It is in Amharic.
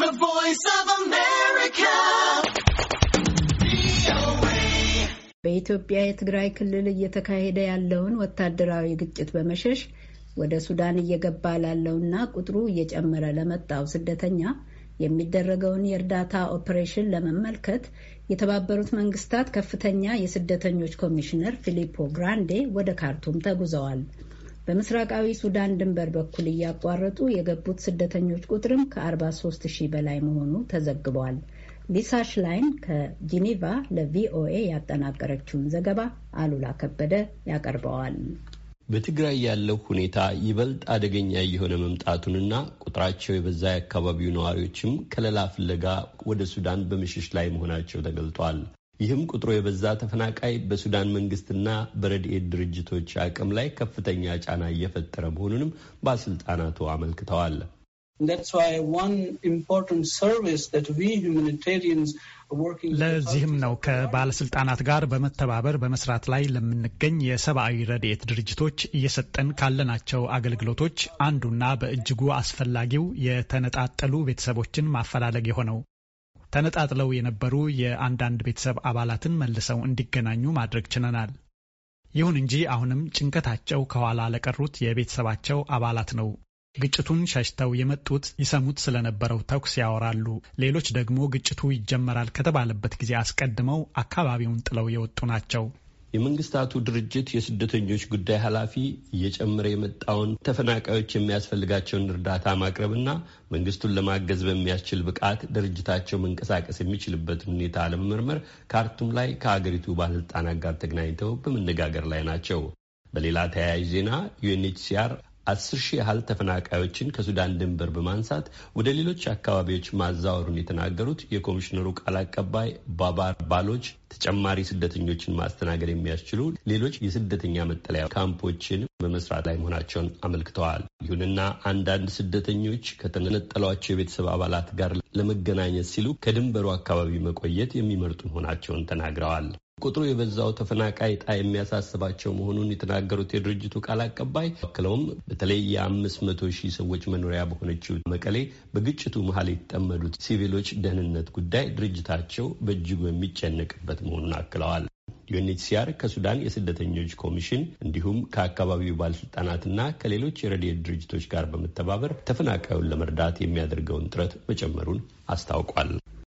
The Voice of America. በኢትዮጵያ የትግራይ ክልል እየተካሄደ ያለውን ወታደራዊ ግጭት በመሸሽ ወደ ሱዳን እየገባ ላለውና ቁጥሩ እየጨመረ ለመጣው ስደተኛ የሚደረገውን የእርዳታ ኦፕሬሽን ለመመልከት የተባበሩት መንግስታት ከፍተኛ የስደተኞች ኮሚሽነር ፊሊፖ ግራንዴ ወደ ካርቱም ተጉዘዋል። በምስራቃዊ ሱዳን ድንበር በኩል እያቋረጡ የገቡት ስደተኞች ቁጥርም ከ43 ሺህ በላይ መሆኑ ተዘግቧል። ሊሳ ሽላይን ከጂኔቫ ለቪኦኤ ያጠናቀረችውን ዘገባ አሉላ ከበደ ያቀርበዋል። በትግራይ ያለው ሁኔታ ይበልጥ አደገኛ እየሆነ መምጣቱንና ቁጥራቸው የበዛ የአካባቢው ነዋሪዎችም ከለላ ፍለጋ ወደ ሱዳን በምሽሽ ላይ መሆናቸው ተገልጧል። ይህም ቁጥሩ የበዛ ተፈናቃይ በሱዳን መንግስትና በረድኤት ድርጅቶች አቅም ላይ ከፍተኛ ጫና እየፈጠረ መሆኑንም ባለስልጣናቱ አመልክተዋል። ለዚህም ነው ከባለስልጣናት ጋር በመተባበር በመስራት ላይ ለምንገኝ የሰብአዊ ረድኤት ድርጅቶች እየሰጠን ካለናቸው አገልግሎቶች አንዱና በእጅጉ አስፈላጊው የተነጣጠሉ ቤተሰቦችን ማፈላለግ የሆነው ተነጣጥለው የነበሩ የአንዳንድ ቤተሰብ አባላትን መልሰው እንዲገናኙ ማድረግ ችለናል። ይሁን እንጂ አሁንም ጭንቀታቸው ከኋላ ለቀሩት የቤተሰባቸው አባላት ነው። ግጭቱን ሸሽተው የመጡት ይሰሙት ስለነበረው ተኩስ ያወራሉ። ሌሎች ደግሞ ግጭቱ ይጀመራል ከተባለበት ጊዜ አስቀድመው አካባቢውን ጥለው የወጡ ናቸው። የመንግስታቱ ድርጅት የስደተኞች ጉዳይ ኃላፊ እየጨመረ የመጣውን ተፈናቃዮች የሚያስፈልጋቸውን እርዳታ ማቅረብና መንግስቱን ለማገዝ በሚያስችል ብቃት ድርጅታቸው መንቀሳቀስ የሚችልበትን ሁኔታ ለመመርመር ካርቱም ላይ ከአገሪቱ ባለስልጣናት ጋር ተገናኝተው በመነጋገር ላይ ናቸው። በሌላ ተያያዥ ዜና ዩኤንኤችሲአር አስር ሺህ ያህል ተፈናቃዮችን ከሱዳን ድንበር በማንሳት ወደ ሌሎች አካባቢዎች ማዛወሩን የተናገሩት የኮሚሽነሩ ቃል አቀባይ ባባር ባሎች ተጨማሪ ስደተኞችን ማስተናገድ የሚያስችሉ ሌሎች የስደተኛ መጠለያ ካምፖችን በመስራት ላይ መሆናቸውን አመልክተዋል። ይሁንና አንዳንድ ስደተኞች ከተነጠሏቸው የቤተሰብ አባላት ጋር ለመገናኘት ሲሉ ከድንበሩ አካባቢ መቆየት የሚመርጡ መሆናቸውን ተናግረዋል። ቁጥሩ የበዛው ተፈናቃይ ዕጣ የሚያሳስባቸው መሆኑን የተናገሩት የድርጅቱ ቃል አቀባይ አክለውም በተለይ የአምስት መቶ ሺህ ሰዎች መኖሪያ በሆነችው መቀሌ በግጭቱ መሀል የተጠመዱት ሲቪሎች ደህንነት ጉዳይ ድርጅታቸው በእጅጉ የሚጨነቅበት መሆኑን አክለዋል። ዩኤንኤችሲአር ከሱዳን የስደተኞች ኮሚሽን እንዲሁም ከአካባቢው ባለስልጣናትና ከሌሎች የረድኤት ድርጅቶች ጋር በመተባበር ተፈናቃዩን ለመርዳት የሚያደርገውን ጥረት መጨመሩን አስታውቋል።